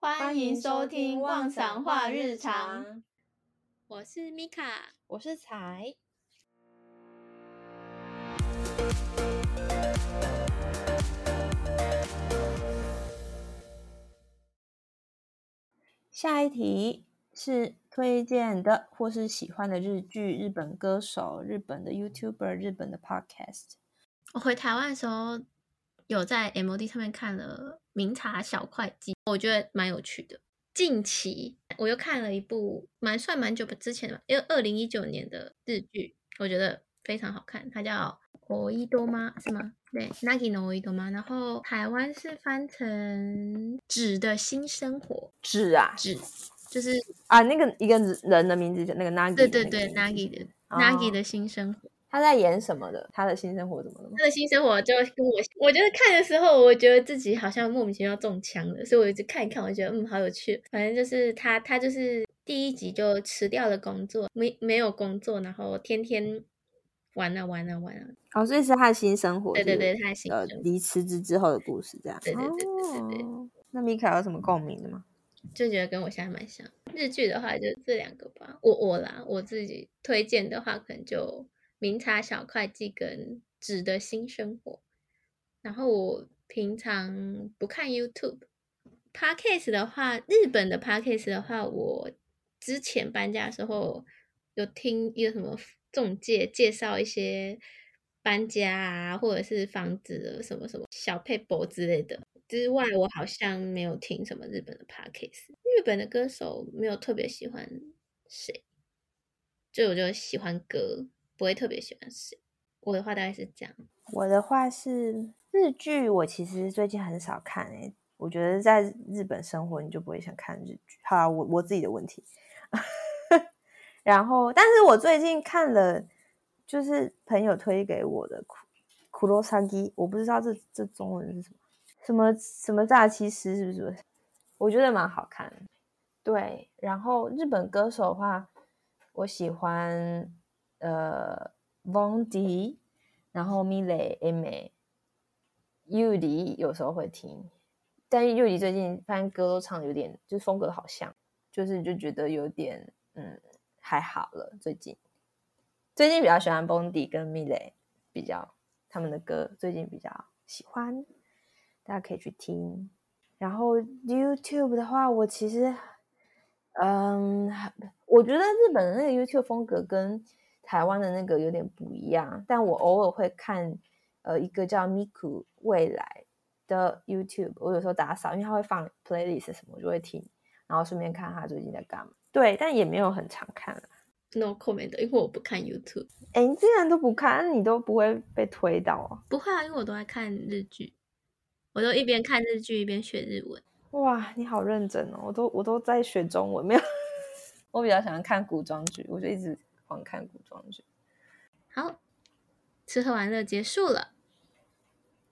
歡迎收聽《妄想 talk 日常》。我是米卡，我是采。下一題是推薦的或是喜歡的日劇、日本歌手、日本的 YouTuber、日本的 Podcast。我回台灣的時候，有在 MOD 上面看了。名茶小會計，我覺得蠻有趣的。近期我又看了一部，蠻算蠻久不之前的，因為二零一九年的日劇，我覺得非常好看。它叫《我一多嗎》是嗎？對，Nagi no 一多嗎？然後台灣是翻成《凪的新生活》。凪啊，凪就是啊，那個一個人的名字叫那個 Nagi，那個對對對，Nagi 的、oh. Nagi 的新生活。他在演什麼的？他的新生活怎麼的？他的新生活就跟我，我覺得看的時候，我覺得自己好像莫名其妙中槍了，所以我一直看一看，我覺得嗯，好有趣。反正就是他，他就是第一集就辭掉了工作，沒沒有工作，然後天天玩啊玩啊玩啊。哦，所以是他的新生活，對對對，他的新生活、就是、離辭職之後的故事這樣。對對對對對，對、哦。那米卡有什麼共鳴的嗎？就覺得跟我現在蠻像。日劇的話就這兩個吧。我我啦，我自己推薦的話可能就。明茶小會計跟《紙的新生活》，然後我平常不看 YouTube。Podcast 的話，日本的 Podcast 的話，我之前搬家的時候有聽一個什麼中介介紹一些搬家啊，或者是房子的什麼什麼小配博之類的。之外，我好像沒有聽什麼日本的 Podcast。日本的歌手沒有特別喜歡誰，就我就喜歡歌。不會特別喜歡吃。我的話大概是這樣。我的話是日劇，我其實最近很少看誒、欸、我覺得在日本生活，你就不會想看日劇。好、啊、我我自己的問題。 然後，但是我最近看了，就是朋友推給我的《苦苦羅沙基》，我不知道這這中文是什麼，什麼什麼詐欺師是不是？我覺得蠻好看。對，然後日本歌手的話，我喜歡。呃 Bondi 然後 Milet、Amy，Udi 有時候會聽，但 Udi 最近翻歌都唱得有點，就是風格好像，就是就覺得有點嗯，還好了。最近最近比較喜歡 Bondi 跟 Milet，比較他們的歌，最近比較喜歡，大家可以去聽。然後 YouTube 的話，我其實嗯，我覺得日本的那個 YouTube 風格跟台灣的那個有點不一樣，但我偶爾會看，呃，一個叫 Miku 未來的 YouTube，我有時候打掃，因為他會放 playlist 什麼，我就會聽，然後順便看他最近在幹嘛。對，但也沒有很常看啊。No comment，因為我不看 YouTube。哎、欸，你竟然都不看，你都不會被推到啊？不會啊，因為我都在看日劇，我都一邊看日劇一邊學日文。哇，你好認真哦！我都我都在學中文，沒有， 我比較喜歡看古裝劇，我就一直觀看古裝劇，好，吃喝玩樂結束了。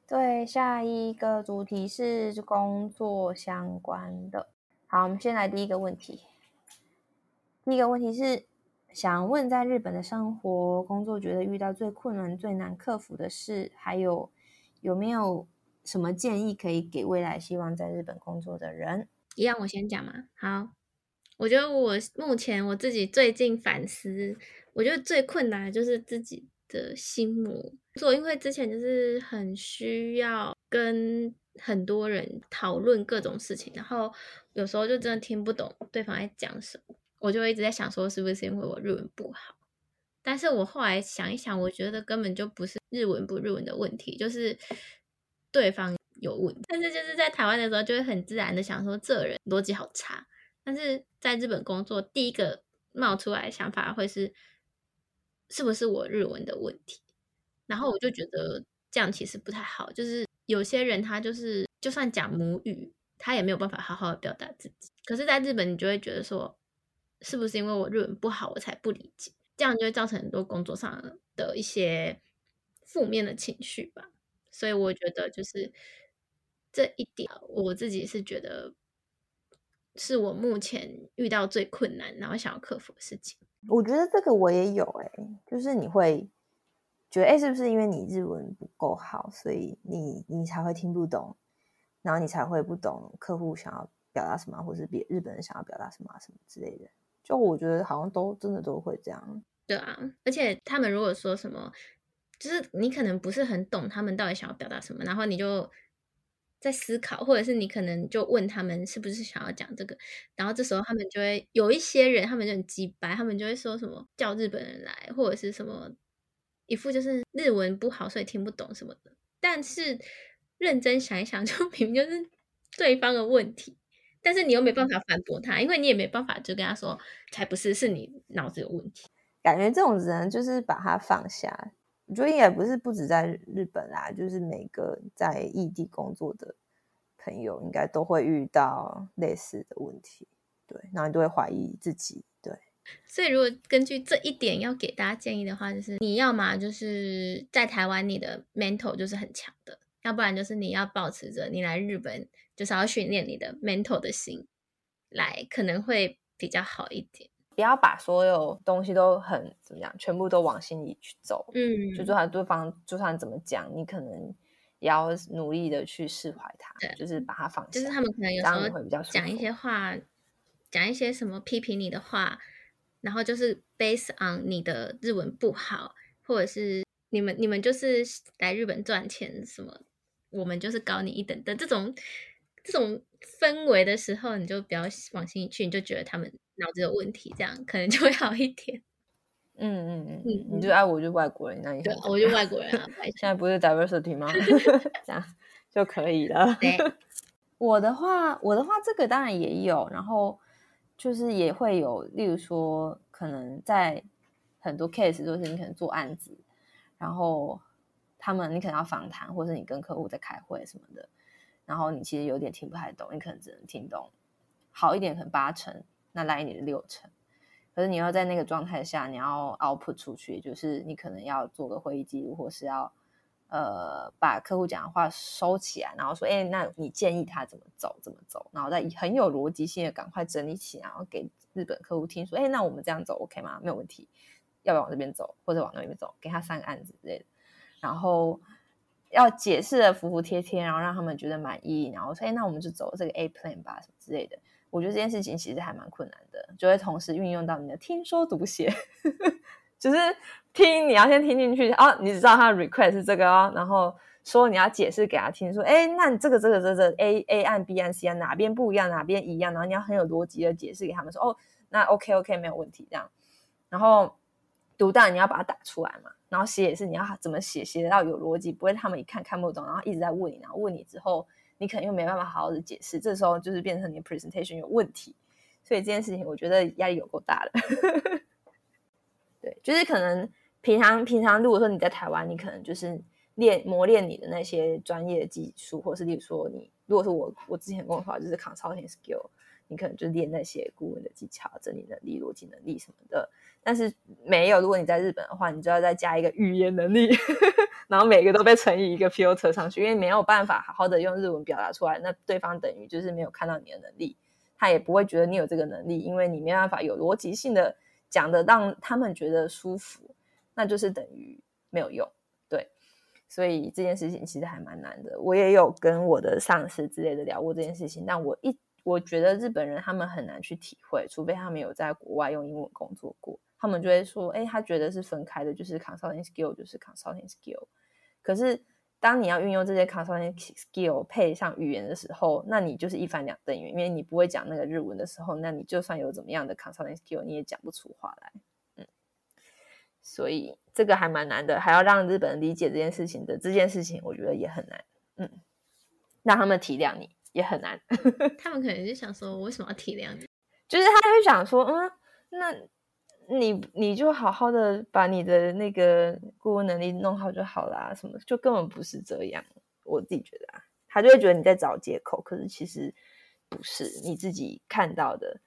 對，下一個主題是工作相關的。好，我們先來第一個問題。第一個問題是想問，在日本的生活、工作，覺得遇到最困難、最難克服的事，還有有沒有什麼建議可以給未來希望在日本工作的人？一樣，我先講嘛。好。我覺得我目前我自己最近反思，我覺得最困難的就是自己的心魔做，因為之前就是很需要跟很多人討論各種事情，然後有時候就真的聽不懂對方在講什麼，我就一直在想說是不是，是不是因為我日文不好，但是我後來想一想，我覺得根本就不是日文不日文的問題，就是對方有問題。但是就是在台灣的時候，就會很自然的想說這人邏輯好差。但是在日本工作，第一個冒出來想法會是，是不是我日文的問題？然後我就覺得這樣其實不太好。就是有些人他就是就算講母語，他也沒有辦法好好的表達自己。可是，在日本你就會覺得說，是不是因為我日文不好，我才不理解？這樣就會造成很多工作上的一些負面的情緒吧。所以我覺得就是這一點，我自己是覺得，是我目前遇到最困難，然後想要克服的事情。我覺得這個我也有哎、欸,就是你會覺得哎、欸，是不是因為你日文不夠好,所以你你才會聽不懂，然後你才會不懂客戶想要表達什麼,或者是別日本人想要表達什麼什麼之類的。就我覺得好像都真的都會這樣。對啊,而且他們如果說什麼,就是你可能不是很懂他們到底想要表達什麼，然後你就。在思考，或者是你可能就問他們是不是想要講這個，然後這時候他們就會有一些人，他們就很雞掰，他們就會說什麼叫日本人來，或者是什麼一副就是日文不好，所以聽不懂什麼的。但是認真想一想，就明明就是對方的問題，但是你又沒辦法反駁他，因為你也沒辦法就跟他說才不是，是你腦子有問題。感覺這種人就是把他放下。我覺得應該不是，不只在日本啦，啊，就是每個在異地工作的朋友應該都會遇到類似的問題，對，然後你都會懷疑自己，對。所以如果根據這一點要給大家建議的話，就是你要嘛就是在台灣你的 mental 就是很強的，要不然就是你要保持着你來日本就是要訓練你的 mental 的心來，來可能會比較好一點。不要把所有東西都很怎麼樣，全部都往心裡去走。嗯，就算對方就算怎麼講，你可能也要努力的去釋懷他。對，就是把他放下。就是他們可能有時候會比較講一些話，講一些什麼批評你的話，然後就是 base on 你的日文不好，或者是你們你們就是來日本賺錢什麼，我們就是高你一等的這種這種氛圍的時候，你就比較往心裡去，你就覺得他們。腦子有問題，這樣可能就會好一點。嗯嗯嗯，你就愛我就外國人，那你對我就外國人啊。嗯、人啊 現在不是 diversity 嗎？ 這樣就可以了。 我的話，我的話，這個當然也有，然後就是也會有，例如說，可能在很多 case，就是你可能做案子，然後他們你可能要訪談，或是你跟客戶在開會什麼的，然後你其實有點聽不太懂，你可能只能聽懂好一點，可能八成。那來你的六成，可是你要在那個狀態下，你要 output 出去，就是你可能要做個會議記錄，或是要呃把客戶講的話收起來，然後說，哎，那你建議他怎麼走，怎麼走，然後再很有邏輯性的趕快整理起來，然後給日本客戶聽說，哎，那我們這樣走 OK 嗎？沒有問題，要不要往這邊走，或者往那邊走，給他三個案子之類的，然後要解釋的服服帖帖，然後讓他們覺得滿意，然後說，哎，那我們就走這個 A plan 吧，什麼之類的。我覺得這件事情其實還蠻困難的，就會同時運用到你的聽說讀寫，呵呵就是聽你要先聽進去哦、啊，你只知道他的 request 是這個哦，然後說你要解釋給他聽說，說哎，那你這個這個這個、這個、a a and b and c 按、啊、哪邊不一樣，哪邊一樣，然後你要很有邏輯的解釋給他們說，哦，那 ok ok 沒有問題這樣，然後讀當然你要把它打出來嘛，然後寫也是你要怎麼寫，寫得到有邏輯，不會他們一看看不懂，然後一直在問你，然後問你之後。你可能又沒辦法好好的解釋，這時候就是變成你的 presentation 有問題，所以這件事情我覺得壓力有夠大的。 對，就是可能平常平常如果說你在台灣，你可能就是練磨練你的那些專業技術，或是例如說你如果是我我之前工作的話，就是 consulting skill。你可能就練那些顧問的技巧、整理能力、邏輯能力什麼的，但是沒有。如果你在日本的話，你就要再加一個語言能力，呵呵，然後每個都被乘以一個 PO 車上去，因為沒有辦法好好的用日文表達出來，那對方等於就是沒有看到你的能力，他也不會覺得你有這個能力，因為你沒有辦法有邏輯性的講的讓他們覺得舒服，那就是等於沒有用。對，所以這件事情其實還蠻難的。我也有跟我的上司之類的聊過這件事情，但我一。我覺得日本人他們很難去體會，除非他們有在國外用英文工作過，他們就會說：“哎、欸，他覺得是分開的，就是 consulting skill，就是 consulting skill。”可是當你要運用這些 consulting skill 配上語言的時候，那你就是一翻兩瞪眼，因為你不會講那個日文的時候，那你就算有怎麼樣的 consulting skill，你也講不出話來。嗯，所以這個還蠻難的，還要讓日本人理解這件事情的這件事情，我覺得也很難。嗯，讓他們體諒你。也很難，他們可能就想說，我為什麼要體諒你？就是他就想說，嗯，那你你就好好的把你的那個溝通能力弄好就好啦、啊，什麼就根本不是這樣。我自己覺得，啊，他就會覺得你在找借口，可是其實不是你自己看到的，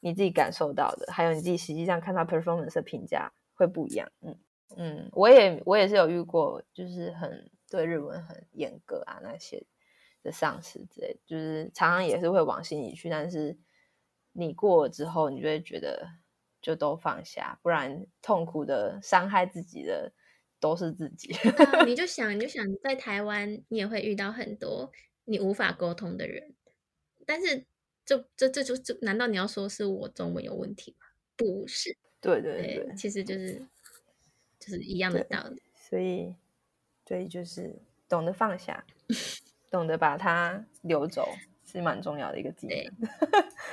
你自己感受到的，還有你自己實際上看到 performance 的評價會不一樣。嗯嗯，我也我也是有遇過，就是很對日文很嚴格啊那些。的喪失之類，就是常常也是會往心裡去，但是你過了之後，你就會覺得就都放下，不然痛苦的傷害自己的都是自己。 uh, 你就想，你就想，在台灣你也會遇到很多你無法溝通的人，但是這這這就，就，就，就，就難道你要說是我中文有問題嗎？不是，對對對，欸、其實就是就是一樣的道理，對所以所以就是懂得放下。 懂得把它留走是蠻重要的一個技能。對，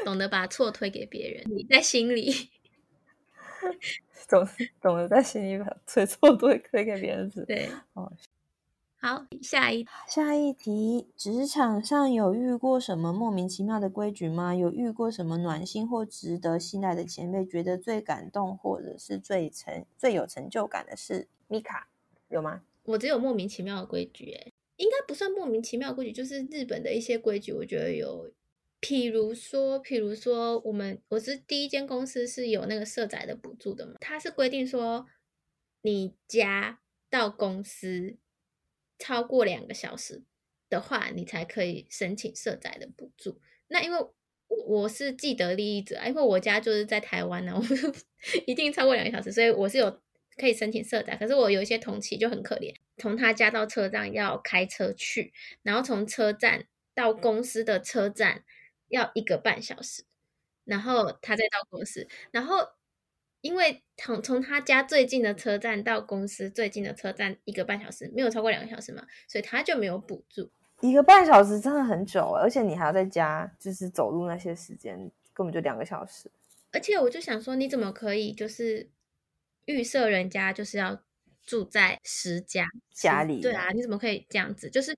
懂得把錯推給別人，你在心裡 懂懂得在心裡把推錯推推給別人對，哦，好，下一題下一題，職場上有遇過什麼莫名其妙的規矩嗎？有遇過什麼暖心或值得信賴的前輩，覺得最感動或者是最成最有成就感的事？Mika 有嗎？我只有莫名其妙的規矩、欸，應該不算莫名其妙規矩，就是日本的一些規矩，我覺得有，譬如說，譬如說，我們我是第一間公司是有那個社宅的補助的嘛，它是規定說，你家到公司超過兩個小時的話，你才可以申請社宅的補助。那因為我我是既得利益者，因為我家就是在台灣呢、啊，我就一定超過兩個小時，所以我是有可以申請社宅，可是我有一些同期就很可憐。從他家到車站要開車去，然後從車站到公司的車站要一個半小時，然後他再到公司，然後因為從從他家最近的車站到公司最近的車站一個半小時，沒有超過兩個小時嘛，所以他就沒有補助。一個半小時真的很久啊，而且你還要在家，就是走路那些時間根本就兩個小時。而且我就想說，你怎麼可以就是預設人家就是要。住在十家家裡，對啊，你怎麼可以這樣子？就是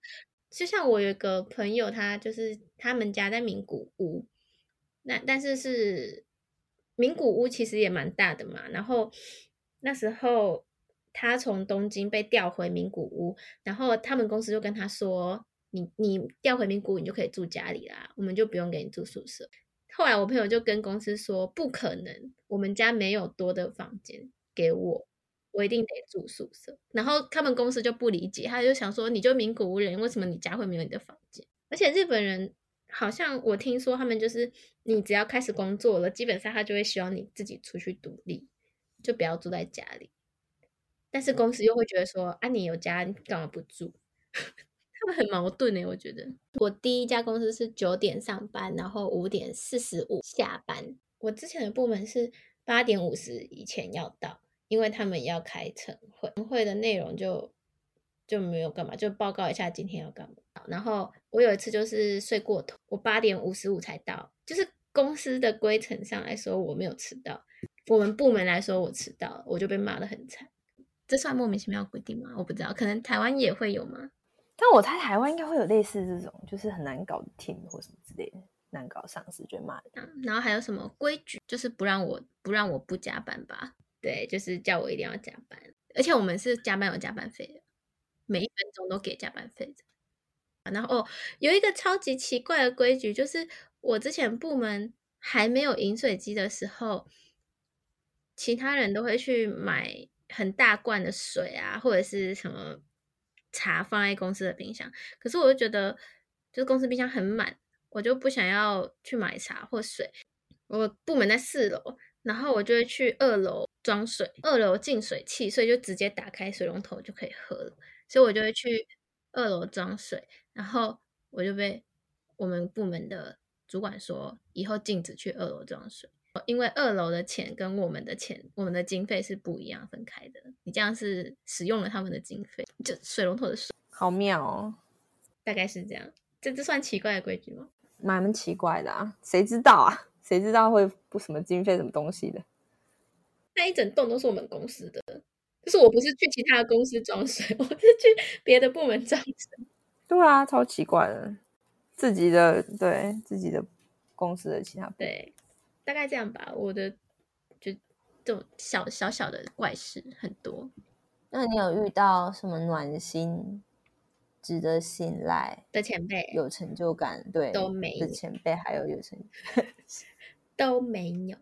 就像我有一個朋友他，他就是他們家在名古屋，那但是是名古屋其實也蠻大的嘛。然後那時候他從東京被調回名古屋，然後他們公司就跟他說：“你你調回名古屋，你就可以住家裡啦，我們就不用給你住宿舍。”後來我朋友就跟公司說：“不可能，我們家沒有多的房間給我。”我一定得住宿舍，然後他們公司就不理解，他就想說，你就名古屋人，為什麼你家會沒有你的房間？而且日本人好像我聽說，他們就是你只要開始工作了，基本上他就會希望你自己出去獨立，就不要住在家裡。但是公司又會覺得說，啊，你有家，你幹嘛不住？ 他們很矛盾誒、欸、我覺得。我第一家公司是九點上班，然後五點四十五下班。我之前的部門是八點五十以前要到。因為他們要開晨會，晨會的內容就就沒有幹嘛，就報告一下今天要幹嘛。然後我有一次就是睡過頭，我八點五十五才到，就是公司的規程上來說我沒有遲到，我們部門來說我遲到了，我就被罵得很慘。這算莫名其妙規定嗎？我不知道，可能台灣也會有嗎？但我猜台灣應該會有類似這種，就是很難搞的 team 或什麼之類的，難搞上司就罵，嗯。然後還有什麼規矩，就是不讓我不讓我不加班吧。對，就是叫我一定要加班，而且我們是加班有加班費的，每一分鐘都給加班費的。然後哦，有一個超級奇怪的規矩，就是我之前部門還沒有飲水機的時候，其他人都會去買很大罐的水啊，或者是什麼茶放在公司的冰箱。可是我就覺得，就是公司冰箱很滿，我就不想要去買茶或水。我部門在四樓。然後我就會去二樓裝水，二樓淨水器，所以就直接打開水龍頭就可以喝了。所以我就會去二樓裝水，然後我就被我們部門的主管說，以後禁止去二樓裝水，因為二樓的錢跟我們的錢，我們的經費是不一樣分開的。你這樣是使用了他們的經費，就水龍頭的水。好妙哦。大概是這樣。這這算奇怪的規矩嗎？蠻奇怪的啊，誰知道啊？誰知道會不什麼經費什麼東西的？那一整棟都是我們公司的，就是我不是去其他公司裝水，我是去別的部門裝水。對啊，超奇怪的，自己的對自己的公司的其他部門對，大概這樣吧。我的就這種小小小的怪事很多。那你有遇到什麼暖心、值得信賴的前輩、有成就感對？都沒前輩，還有有成就感？ 都沒有，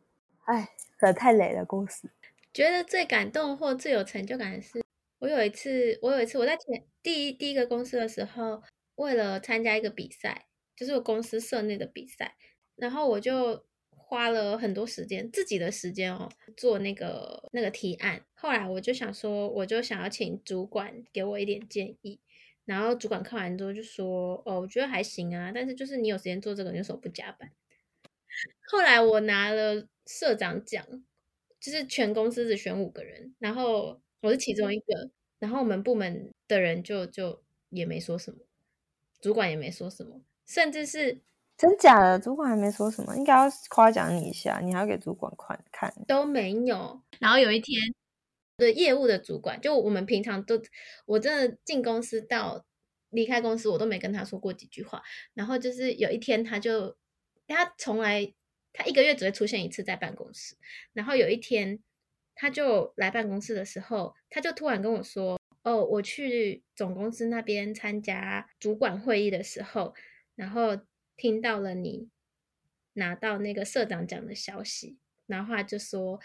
哎，可太累了，公司。覺得最感動或最有成就感的是，我有一次，我有一次我在前第一第一個公司的時候，為了參加一個比賽，就是我公司社內的比賽，然後我就花了很多時間，自己的時間哦，做那個那個提案。後來我就想說，我就想要請主管給我一點建議，然後主管看完之後就說，哦，我覺得還行啊，但是就是你有時間做這個，你為什麼不加班？後來我拿了社長獎，就是全公司只選五個人，然後我是其中一個，然後我們部門的人就就也沒說什麼，主管也沒說什麼，甚至是真假的主管還沒說什麼，應該要誇獎你一下，你還要給主管看看，都沒有。然後有一天，的業務的主管，就我們平常都，我真的進公司到離開公司，我都沒跟他說過幾句話。然後就是有一天，他就。他從來，他一個月只會出現一次在辦公室。然後有一天，他就來辦公室的時候，他就突然跟我說：“哦，我去總公司那邊參加主管會議的時候，然後聽到了你拿到那個社長獎的消息，然後他就說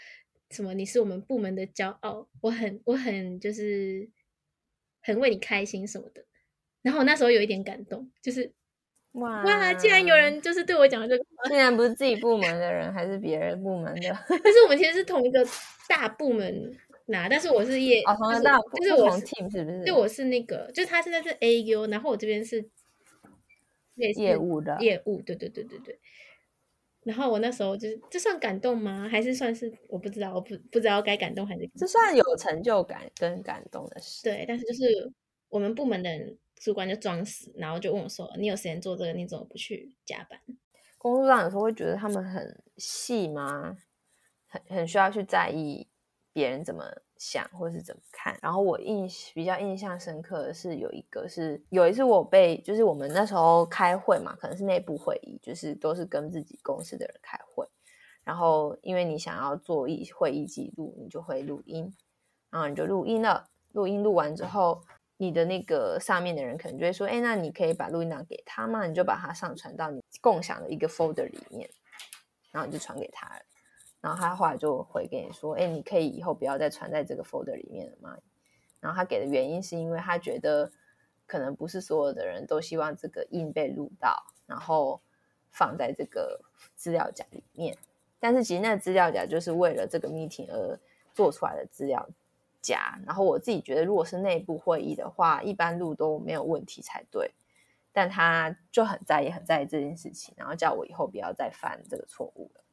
什麼你是我們部門的驕傲，我很我很就是很為你開心什麼的。”然後我那時候有一點感動，就是。Wow、哇！竟然有人就是對我講這個，竟然不是自己部門的人， 還是別人部門的？ 但是我們其實是同一個大部門，拿，但是我是業，哦大就是、就是我是同 team 是不是？對，我是那個，就是他現在是 AU，然後我這邊是業務的業務，對對對對對。然後我那時候就是，這算感動嗎？還是算是我不知道，我不不知道該感動還是動這算有成就感跟感動的事？對，但是就是我們部門的人。主管就裝死，然後就問我說：“你有時間做這個，你怎麼不去加班？”工作上有時候會覺得他們很細嗎？很很需要去在意別人怎麼想或是怎麼看。然後我印比較印象深刻的是有一個是有一次我被就是我們那時候開會嘛，可能是內部會議，就是都是跟自己公司的人開會。然後因為你想要做一會議記錄，你就會錄音，然後你就錄音了。錄音錄完之後。你的那個上面的人可能就會說：“誒、欸，那你可以把錄音檔給他嗎？你就把它上傳到你共享的一個 folder 裡面，然後你就傳給他。然後他後來就回給你說：‘誒、欸，你可以以後不要再傳在這個 folder 裡面了嘛。’然後他給的原因是因為他覺得可能不是所有的人都希望這個音被錄到，然後放在這個資料夾裡面。但是其實那資料夾就是為了這個 meeting 而做出來的資料。”假，然後我自己覺得，如果是內部會議的話，一般錄都沒有問題才對。但他就很在意，很在意這件事情，然後叫我以後不要再犯這個錯誤了。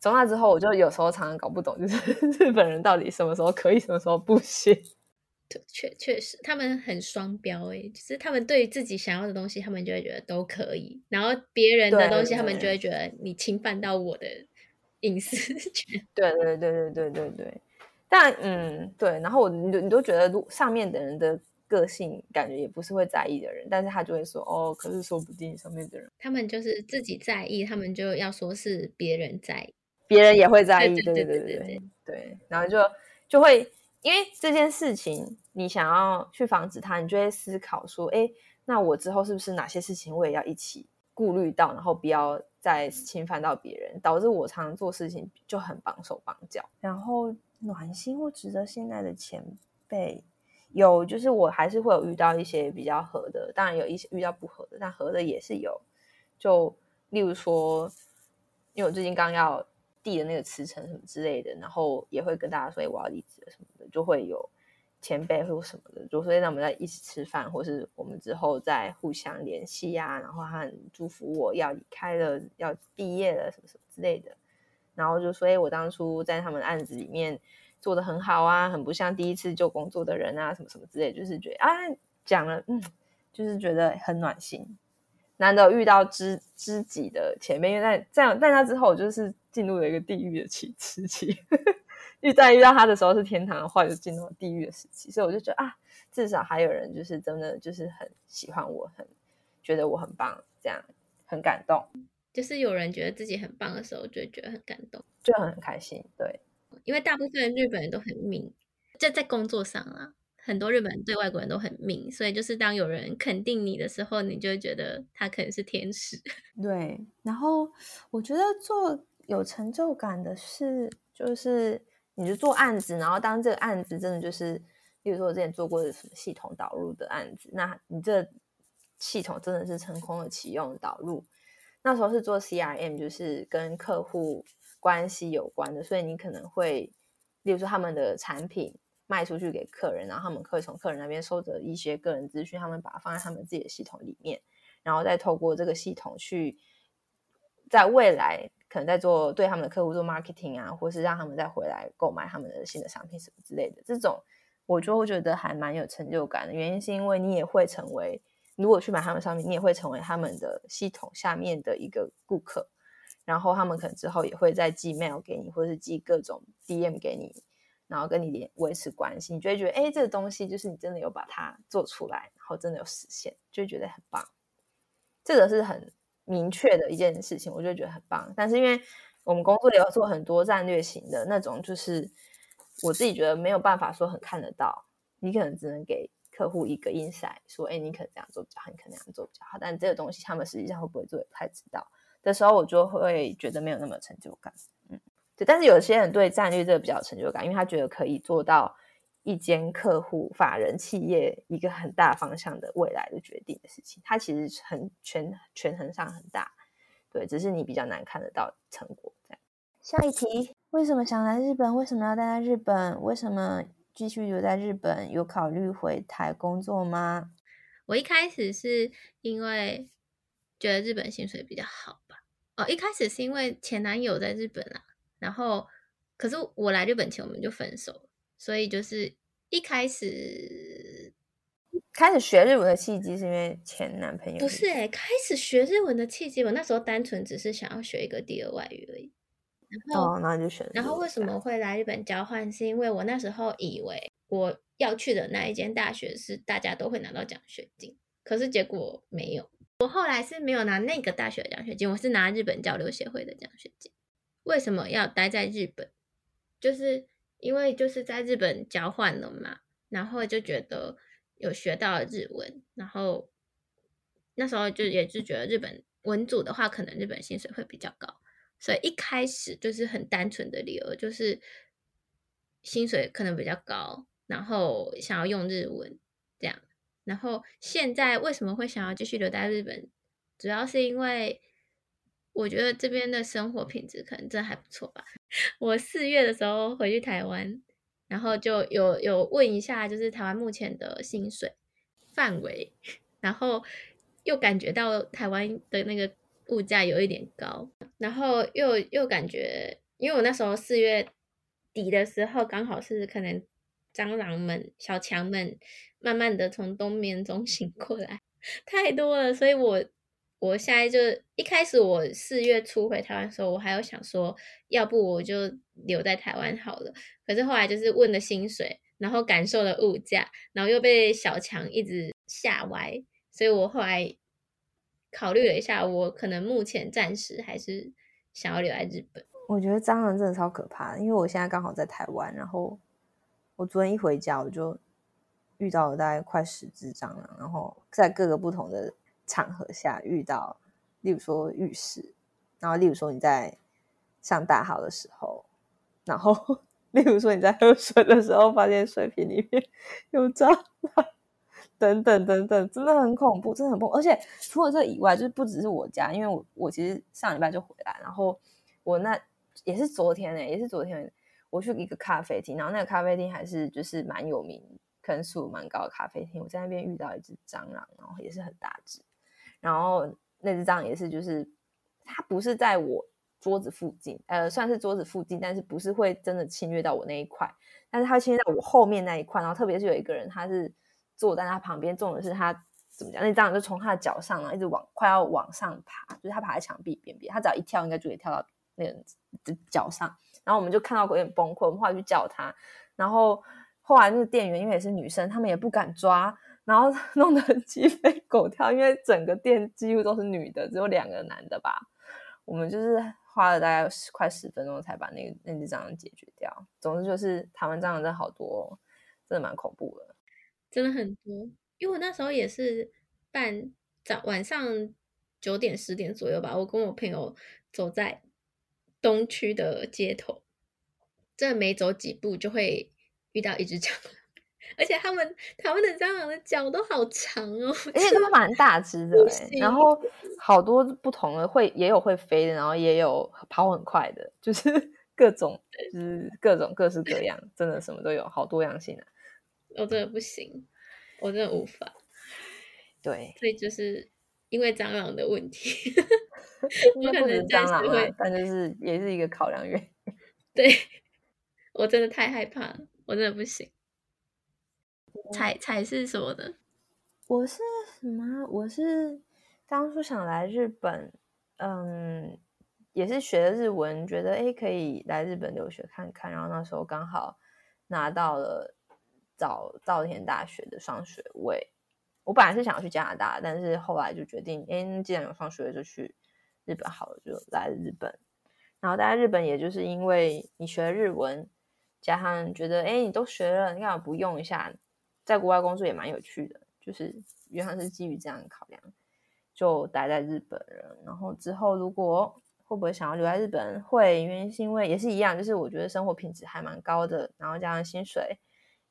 從那之後，我就有時候常常搞不懂，就是日本人到底什麼時候可以，什麼時候不行？確確實，他們很雙標哎、欸，就是他們對自己想要的東西，他們就會覺得都可以；然後別人的東西，對對他們就會覺得你侵犯到我的隱私權。對對對對對對對、對。但嗯，對，然後我你都你都覺得，如上面的人的個性感覺也不是會在意的人，但是他就會說哦，可是說不定上面的人他們就是自己在意，他們就要說是別人在意，別人也會在意，對對對對對對,對,對,對,對，然後就就會因為這件事情，你想要去防止他，你就會思考說，哎，那我之後是不是哪些事情我也要一起顧慮到，然後不要再侵犯到別人，導致我常做事情就很綁手綁腳，然後。暖心或值得信賴的前輩，有就是我還是會有遇到一些比較合的，當然有一些遇到不合的，但合的也是有。就例如說，因為我最近剛要遞的那個辭呈什麼之類的，然後也會跟大家說，我要離職什麼的，就會有前輩或什麼的，就所以那我們在一起吃飯，或是我們之後再互相聯繫呀、啊，然後他很祝福我要離開了，要畢業了什麼什麼之類的。然後就說，欸，我當初在他們案子裡面做得很好啊，很不像第一次就工作的人啊，什麼什麼之類，就是覺得啊，講了，嗯，就是覺得很暖心，難得遇到知知己的前面，因為在在在他之後，我就是進入了一個地獄的時期。遇在遇到他的時候是天堂的話，就進入了地獄的時期。所以我就覺得啊，至少還有人就是真的就是很喜歡我很，很覺得我很棒，這樣很感動。就是有人覺得自己很棒的時候，就會覺得很感動，就很開心。對，因為大部分日本人都很命，在在工作上啊，很多日本人對外國人都很命，所以就是當有人肯定你的時候，你就會覺得他可能是天使。對，然後我覺得做有成就感的事，就是你就做案子，然後當這個案子真的就是，例如說我之前做過的什麼系統導入的案子，那你這系統真的是成功的啟用的導入。那時候是做 CRM，就是跟客戶關係有關的，所以你可能會，例如說他們的產品賣出去給客人，然後他們可以從客人那邊收着一些個人資訊，他們把它放在他們自己的系統裡面，然後再透過這個系統去，在未來可能在做對他們的客戶做 marketing 啊，或是讓他們再回來購買他們的新的商品什麼之類的，這種我就會覺得還蠻有成就感的，原因是因為你也會成為。如果去買他們商品，你也會成為他們的系統下面的一個顧客，然後他們可能之後也會再寄 mail 給你，或者是寄各種 DM 給你，然後跟你連維持關係，你就會覺得，哎、欸，這個東西就是你真的有把它做出來，然後真的有實現，就會覺得很棒。這個是很明確的一件事情，我就覺得很棒。但是因為我們工作也要做很多戰略型的那種，就是我自己覺得沒有辦法說很看得到，你可能只能給，客戶一個 insight 說：“誒你可能這樣做比較好，你可能那樣做比較好。”但這個東西他們實際上會不會做，也不太知道。的時候，我就會覺得沒有那麼成就感，嗯，對。但是有些人對戰略這個比較有成就感，因為他覺得可以做到一間客戶法人企業一個很大方向的未來的決定的事情，他其實很權權衡上很大，對，只是你比較難看得到成果。這樣，下一題，為什麼想來日本？為什麼要待在日本？為什麼？繼續留在日本，有考慮回台工作嗎？我一開始是因為覺得日本薪水比較好吧。哦，一開始是因為前男友在日本啦、啊。然後，可是我來日本前我們就分手了，所以就是一開始開始學日文的契機是因為前男朋友。不是哎、欸，開始學日文的契機，我那時候單純只是想要學一個第二外語而已。然後，哦，那就選。然後為什麼會來日本交換？是因為我那時候以為我要去的那一間大學是大家都會拿到獎學金，可是結果沒有。我後來是沒有拿那個大學的獎學金，我是拿日本交流協會的獎學金。為什麼要待在日本？就是因為就是在日本交換了嘛，然後就覺得有學到日文，然後那時候就也是覺得日本文組的話，可能日本薪水會比較高。所以一開始就是很單純的理由，就是薪水可能比較高，然後想要用日文這樣。然後現在為什麼會想要繼續留在日本，主要是因為我覺得這邊的生活品質可能真的還不錯吧。我四月的時候回去台灣，然後就有有問一下，就是台灣目前的薪水範圍，然後又感覺到台灣的那個。物價有一點高，然後又又感覺，因為我那時候四月底的時候，剛好是可能蟑螂們、小強們慢慢的從冬眠中醒過來，太多了，所以我我現在就一開始我四月初回台灣的時候，我還有想說，要不我就留在台灣好了，可是後來就是問了薪水，然後感受了物價，然後又被小強一直嚇歪，所以我後來。考慮了一下，我可能目前暫時還是想要留在日本。我覺得蟑螂真的超可怕，因為我現在剛好在台灣，然後我昨天一回家我就遇到了大概快十隻蟑螂，然後在各個不同的場合下遇到，例如說浴室，然後例如說你在上大號的時候，然後例如說你在喝水的時候發現水瓶裡面有蟑螂。等等等等，真的很恐怖，真的很恐怖，而且除了這以外，就是不只是我家，因為我我其實上禮拜就回來，然後我那也是昨天呢、欸，也是昨天我去一個咖啡廳，然後那個咖啡廳還是就是蠻有名、分數蠻高的咖啡廳，我在那邊遇到一只蟑螂，然後也是很大只，然後那只蟑螂也是就是它不是在我桌子附近，呃，算是桌子附近，但是不是會真的侵略到我那一塊，但是它侵略到我後面那一塊，然後特別是有一個人他是。坐在他旁邊，重點是他怎麼講？那蟑螂就從他的腳上，啊，一直往快要往上爬，就是他爬在牆壁邊邊，他只要一跳，應該就會跳到那個人的腳上。然後我們就看到有點崩潰，我們後來去叫他。然後後來那個店員因為也是女生，他們也不敢抓，然後弄得雞飛狗跳，因為整個店幾乎都是女的，只有兩個男的吧。我們就是花了大概十快十分鐘才把那個那只蟑螂解決掉。總之就是台灣蟑螂真的好多，真的蠻恐怖的。真的很多，因為我那時候也是半早晚上九點十點左右吧，我跟我朋友走在東區的街頭，真的沒走幾步就會遇到一只蟑螂，而且他們他們的蟑螂的腳都好長哦，而且他們蠻大只的，欸，然後好多不同的，會也有會飛的，然後也有跑很快的，就是各種就是各種各式各樣，真的什麼都有，好多樣性啊。我真的不行，我真的無法、嗯。對，所以就是因為蟑螂的問題，不 我可能蟑螂會，但就是也是一個考量原因。對，我真的太害怕，我真的不行。采采是什麼的？我是什麼？我是當初想來日本，嗯，也是學日文，覺得誒可以來日本留學看看，然後那時候剛好拿到了。找早稻田大學的雙學位，我本來是想要去加拿大，但是後來就決定，誒、欸，既然有雙學位，就去日本好了，就來日本。然後在日本，也就是因為你學日文，加上你覺得，哎、欸，你都學了，你幹嘛不用一下？在國外工作也蠻有趣的，就是原來是基於這樣的考量，就待在日本了。然後之後如果會不會想要留在日本，會。原因是因為也是一樣，就是我覺得生活品質還蠻高的，然後加上薪水，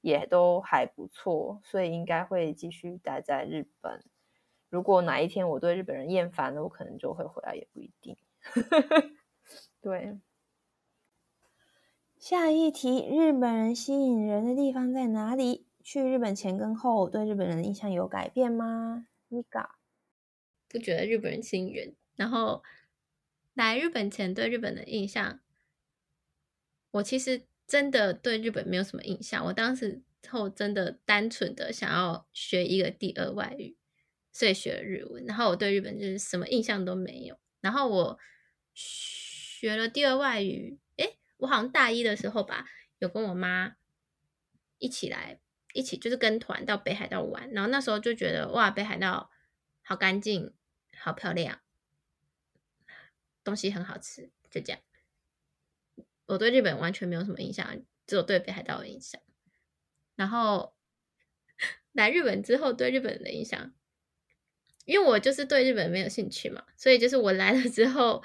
也都還不錯，所以應該會繼續待在日本。如果哪一天我對日本人厭煩了，我可能就會回來，也不一定。 對，下一題：日本人吸引人的地方在哪裡？去日本前跟後對日本人的印象有改變嗎？米卡，不覺得日本人吸引人。然後來日本前對日本的印象，我其實。真的對日本沒有什麼印象，我當時後真的單純的想要學一個第二外語，所以學了日文。然後我對日本就是什麼印象都沒有。然後我學了第二外語，誒，我好像大一的時候吧，有跟我媽一起來，一起就是跟團到北海道玩。然後那時候就覺得哇，北海道好乾淨，好漂亮，東西很好吃，就這樣。我對日本完全沒有什麼印象，只有對北海道的印象。然後來日本之後對日本的印象，因為我就是對日本沒有興趣嘛，所以就是我來了之後，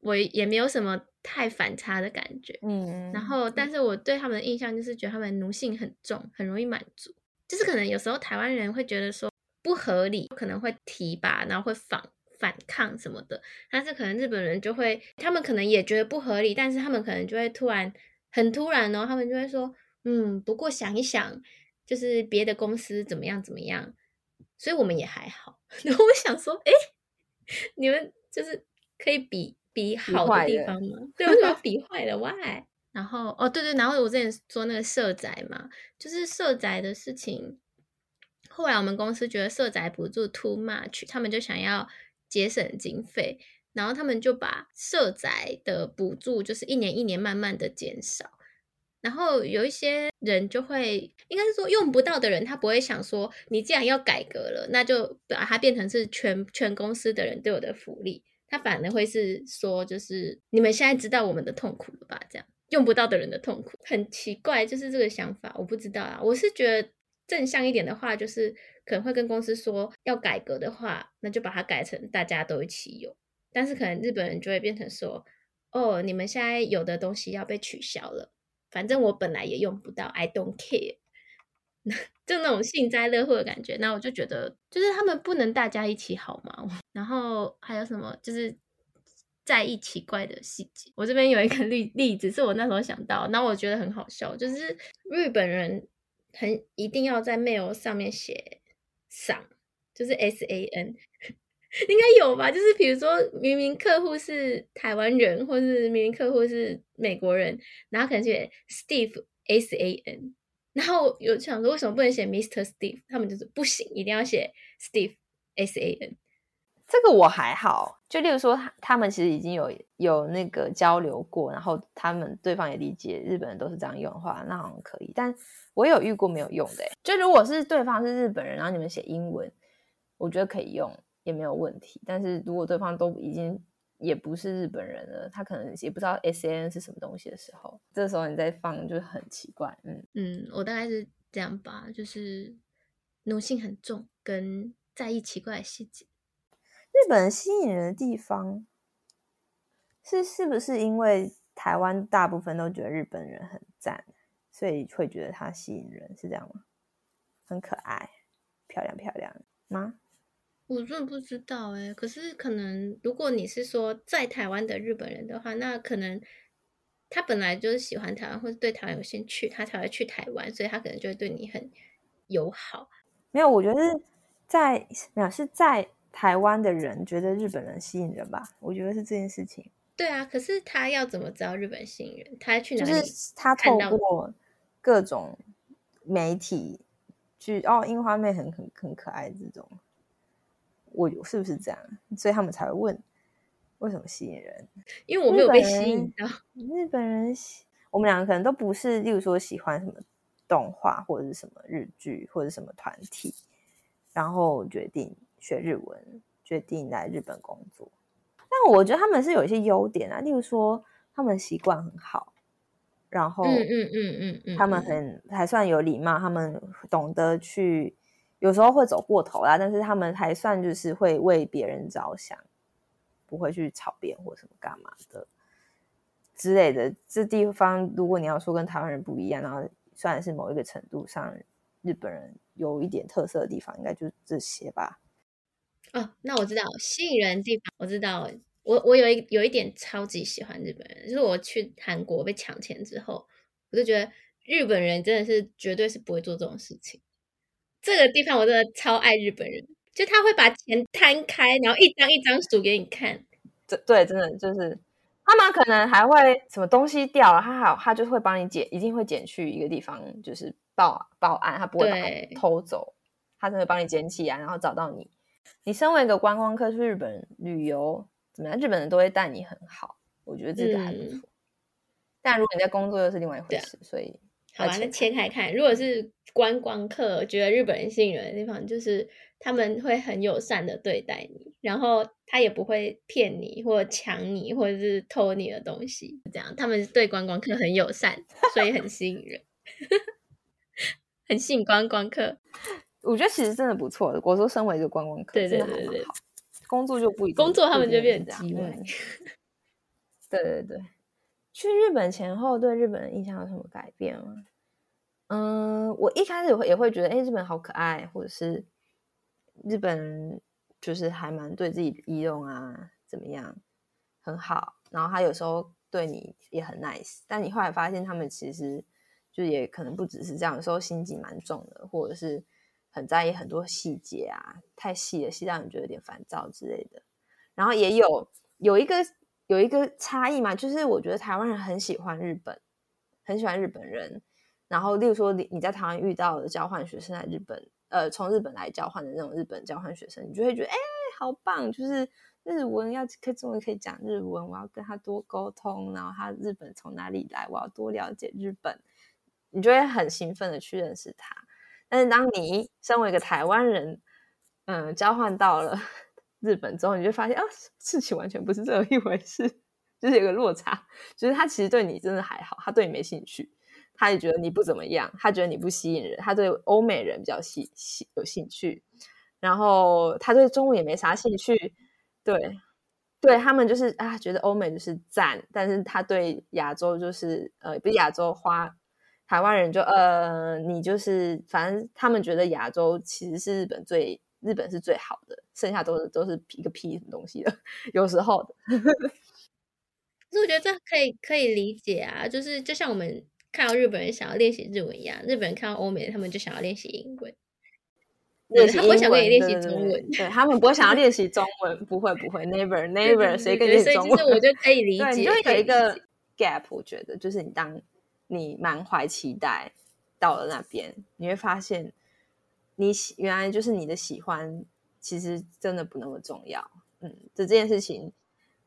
我也沒有什麼太反差的感覺。嗯，然後但是我對他們的印象就是覺得他們奴性很重，很容易滿足，就是可能有時候台灣人會覺得說不合理，可能會提拔，然後會放。反抗什麼的，但是可能日本人就會，他們可能也覺得不合理，但是他們可能就會突然很突然哦，他們就會說，嗯，不過想一想，就是別的公司怎麼樣怎麼樣，所以我們也還好。 然後我想說，哎、欸，你們就是可以比比好的地方嗎？對，為什麼比壞的 Why？ 然後哦，對對，然後我之前說那個社宅嘛，就是社宅的事情，後來我們公司覺得社宅不住 too much，他們就想要。節省經費，然後他們就把社宅的補助，就是一年一年慢慢的減少，然後有一些人就會，應該是說用不到的人，他不會想說你既然要改革了，那就把它變成是全全公司的人都有的福利，他反而會是說，就是你們現在知道我們的痛苦了吧？這樣用不到的人的痛苦，很奇怪，就是這個想法。我不知道啊，我是覺得，正向一點的話，就是可能會跟公司說要改革的話，那就把它改成大家都一起有。但是可能日本人就會變成說，哦、oh，你們現在有的東西要被取消了，反正我本來也用不到，I don't care， 就那種幸災樂禍的感覺。那我就覺得，就是他們不能大家一起好嗎？ 然後還有什麼就是在意奇怪的細節。我這邊有一個例例子，是我那時候想到，那我覺得很好笑，就是日本人。很一定要在 mail 上面寫 San，就是 S A N， 應該有吧？就是比如說，明明客戶是台灣人，或是明明客戶是美國人，然後可能寫 Steve S A N，然後有想說為什麼不能寫 Mr. Steve，他們就是不行，一定要寫 Steve S A N。這個我還好，就例如說他，他他們其實已經有有那個交流過，然後他們對方也理解日本人都是這樣用的話，那好像可以。但我有遇過沒有用的，就如果是對方是日本人，然後你們寫英文，我覺得可以用，也沒有問題。但是如果對方都已經也不是日本人了，他可能也不知道 S N 是什麼東西的時候，這時候你再放就是很奇怪。嗯嗯，我大概是這樣吧，就是奴性很重，跟在意奇怪的細節。日本吸引人的地方是，是不是因為台灣大部分都覺得日本人很讚，所以會覺得他吸引人是這樣嗎？很可愛，漂亮、漂亮嗎？我真的不知道哎、欸。可是可能如果你是說在台灣的日本人的話，那可能他本來就是喜歡台灣或者對台灣有興趣，他才會去台灣，所以他可能就會對你很友好。沒有，我覺得是在，沒有是在。台灣的人覺得日本人吸引人吧？我覺得是這件事情。對啊，可是他要怎麼知道日本吸引人？他去哪？就是他透過各種媒體去哦，櫻花妹很很很可愛，這種我是不是這樣？所以他們才會問，為什麼吸引人，因為我沒有被吸引到。日本人，日本人我們兩個可能都不是，例如說喜歡什麼動畫或者是什麼日劇或者什麼團體，然後決定學日文，決定來日本工作。但我覺得他們是有一些優點啊，例如說他們習慣很好，然後嗯嗯嗯嗯，他們很還算有禮貌，他們懂得去，有時候會走過頭啦，但是他們還算就是會為別人着想，不會去吵別，或什麼幹嘛的之類的。這地方如果你要說跟台灣人不一樣，然後算是某一個程度上，日本人有一點特色的地方，應該就這些吧。哦，那我知道吸引人的地方，我知道，我我有一有一點超級喜歡日本人，就是我去韓國被搶錢之後，我就覺得日本人真的是絕對是不會做這種事情。這個地方我真的超愛日本人，就他會把錢攤開，然後一張一張數給你看。這對，真的就是他們可能還會什麼東西掉了，他好他就會幫你撿，一定會撿去一個地方，就是報報案，他不會把偷走，他只會幫你撿起來，然後找到你。你身為一個觀光客去日本旅遊怎麼樣？日本人都會待你很好，我覺得這個還不錯，嗯。但如果你在工作，又是另外一回事。所以，好，啊，那切開看，如果是觀光客，覺得日本人吸引人的地方就是他們會很友善的對待你，然後他也不會騙你，或者搶你，或者是偷你的東西。這樣，他們對觀光客很友善，所以很吸引人， 很吸引觀光客。我覺得其實真的不錯的。我說身為一個觀光客，對對對對真的還蠻好。對對對，工作就不一樣，工作他們就變這樣。 對，對對對，去日本前後對日本的印象有什麼改變嗎、啊？嗯，我一開始會也會覺得，哎、欸，日本好可愛，或者是日本就是還蠻對自己的儀容啊，怎麼樣很好。然後他有時候對你也很 nice，但你後來發現他們其實就也可能不只是這樣，有時候心機蠻重的，或者是。很在意很多細節啊，太細了，細到你覺得有點煩躁之類的。然後也有有一個有一個差異嘛，就是我覺得台灣人很喜歡日本，很喜歡日本人。然後例如說，你你在台灣遇到的交換學生在日本，呃，從日本來交換的那種日本交換學生，你就會覺得哎、欸，好棒！就是日文要可以中文可以講日文，我要跟他多溝通，然後他日本從哪裡來，我要多了解日本，你就會很興奮的去認識他。但是當你身為一個台灣人，嗯，交換到了日本之後，你就發現哦、啊，事情完全不是這麼一回事，就是有個落差。就是他其實對你真的還好，他對你沒興趣，他也覺得你不怎麼樣，他覺得你不吸引人，他對歐美人比較吸吸有興趣，然後他對中文也沒啥興趣。對，對他們就是啊，覺得歐美就是讚，但是他對亞洲就是呃，比亞洲花。台灣人就呃，你就是反正他們覺得亞洲其實是日本最，日本是最好的，剩下都是都是一個屁什麼東西的。有時候的， 可是我覺得這可以可以理解啊，就是就像我們看到日本人想要練習日文一樣，日本人看到歐美，他們就想要練習英文。他們不會想練習中文，對，他們不會想要練習中文，不會不會，never never，誰跟你練習中文？其實我就可以理解，你就會有一個 gap，我覺得就是你當。你滿懷期待到了那邊，你會發現，你喜，原來就是你的喜歡，其實真的不那麼重要。嗯，這這件事情，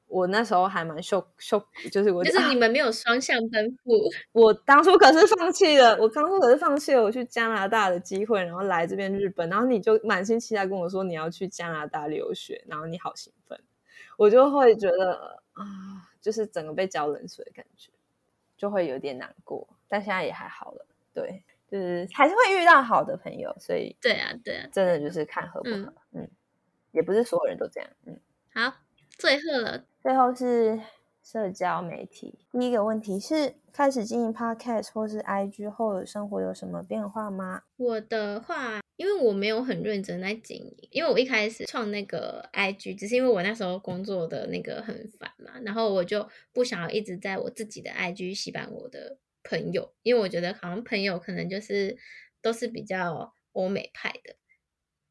我那時候還蠻 shock shock，就是我就，就是你們沒有雙向奔赴啊。我當初可是放棄了，我當初可是放棄了我去加拿大的機會，然後來這邊日本，然後你就滿心期待跟我說你要去加拿大留學，然後你好興奮，我就會覺得啊，就是整個被澆冷水的感覺。就會有點難過，但現在也還好了。對，就是還是會遇到好的朋友，所以對啊，對啊，真的就是看合不合，嗯，嗯，也不是所有人都這樣，嗯。好，最後了，最後是。社交媒體第一個問題是，開始經營 Podcast 或是 IG 後，生活有什麼變化嗎？我的話，因為我沒有很認真在經營，因為我一開始創那個 IG，只是因為我那時候工作的那個很煩嘛，然後我就不想要一直在我自己的 IG 洗版我的朋友，因為我覺得好像朋友可能就是都是比較歐美派的，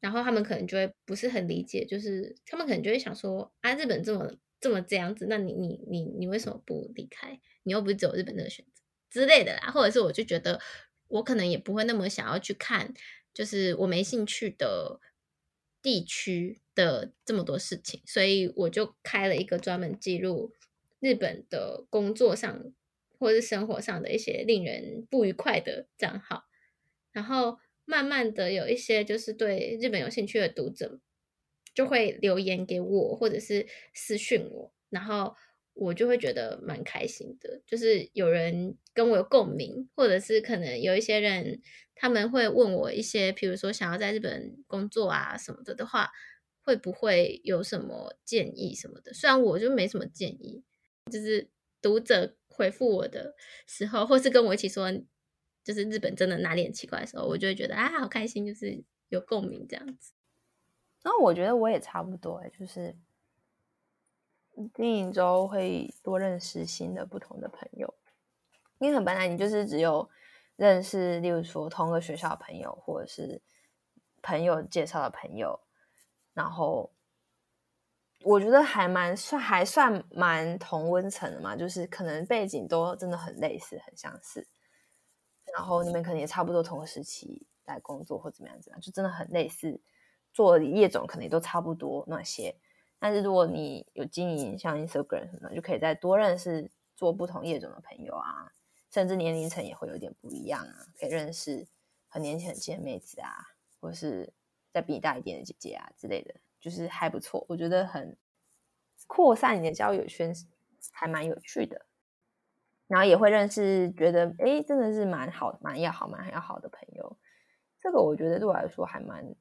然後他們可能就會不是很理解，就是他們可能就會想說啊，日本這麼。這麼這樣子，那你你你你為什麼不離開？你又不是只有日本這個選擇之類的啦，或者是我就覺得我可能也不會那麼想要去看，就是我沒興趣的地區的這麼多事情，所以我就開了一個專門記錄日本的工作上或是生活上的一些令人不愉快的賬號，然後慢慢的有一些就是對日本有興趣的讀者。就會留言給我，或者是私訊我，然後我就會覺得蠻開心的，就是有人跟我有共鳴，或者是可能有一些人他們會問我一些，比如說想要在日本工作啊什麼的的話，會不會有什麼建議什麼的？雖然我就沒什麼建議，就是讀者回覆我的時候，或是跟我一起說，就是日本真的哪裡很奇怪的時候，我就會覺得啊，好開心，就是有共鳴這樣子。那我覺得我也差不多哎，就是另一周會多認識新的不同的朋友。因為很，本來你就是只有認識，例如說同個學校朋友，或者是朋友介紹的朋友，然後我覺得還蠻算還算蠻同溫層的嘛，就是可能背景都真的很類似很相似，然後你們可能也差不多同時期來工作或者怎麼樣子啊，就真的很類似。做的業種可能也都差不多那些，但是如果你有經營像 Instagram 什麼的，就可以再多認識做不同業種的朋友啊，甚至年齡層也會有點不一樣啊，可以認識很年輕很賤的妹子啊，或是再比你大一點的姐姐啊之類的，就是還不錯，我覺得很擴散你的交友圈還蠻有趣的，然後也會認識覺得誒、欸、真的是蠻好蠻要好蠻要好的朋友，這個我覺得對我來說還蠻。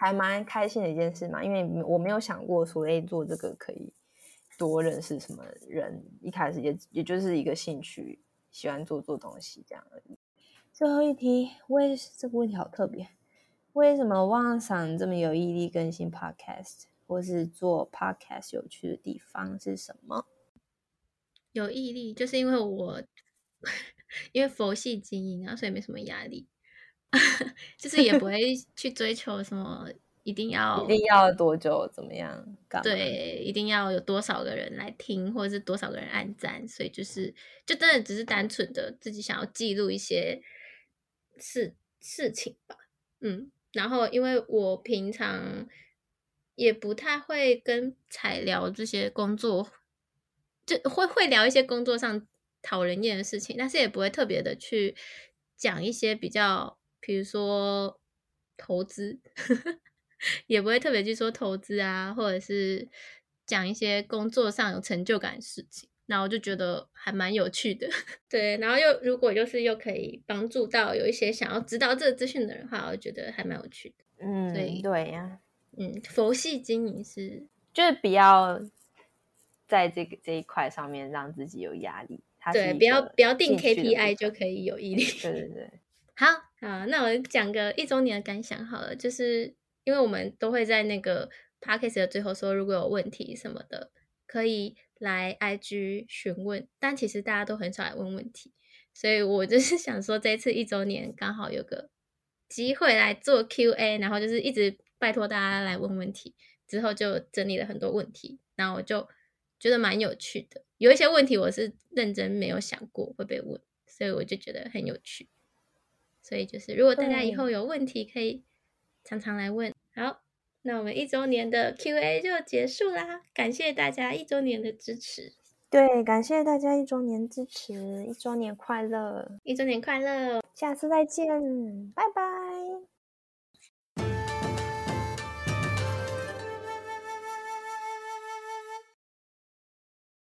還蠻開心的一件事嘛，因為我沒有想過說哎、欸、做這個可以多認識什麼人，一開始也也就是一個興趣，喜歡做做東西這樣而已。最後一題，為什麼這個問題好特別，為什麼妄想這麼有毅力更新 Podcast，或是做 Podcast 有趣的地方是什麼？有毅力就是因為我因為佛系經營啊，所以沒什麼壓力。 就是也不會去追求什麼一定要 一定要多久怎麼樣？對，一定要有多少個人來聽，或者是多少個人按讚。所以就是就真的只是單純的自己想要記錄一些事事情吧。嗯，然後因為我平常也不太會跟采聊這些工作，就會會聊一些工作上討人厭的事情，但是也不會特別的去講一些比較。比如說投資，也不會特別去說投資啊，或者是講一些工作上有成就感的事情，然後我就覺得還蠻有趣的。對，然後又如果就是又可以幫助到有一些想要知道這個資訊的人的話，我覺得還蠻有趣的。嗯，對對呀，嗯，佛系經營是就是不要在這個這一塊上面讓自己有壓力，對，不要不要定 KPI 就可以有毅力，對對對。好啊，那我講個一週年的感想好了，就是因為我們都會在那個 podcast 的最後說，如果有問題什麼的，可以來 IG 詢問。但其實大家都很少來問問題，所以我就是想說，這一次一週年剛好有個機會來做 QA，然後就是一直拜托大家來問問題，之後就整理了很多問題，然後我就覺得蠻有趣的。有一些問題我是認真沒有想過會被問，所以我就覺得很有趣。所以就是，如果大家以後有問題，可以常常來問。好，那我們一周年的 Q&A 就結束啦，感謝大家一周年的支持。對，感謝大家一周年支持，一周年快樂，一周年快樂，下次再見，拜拜。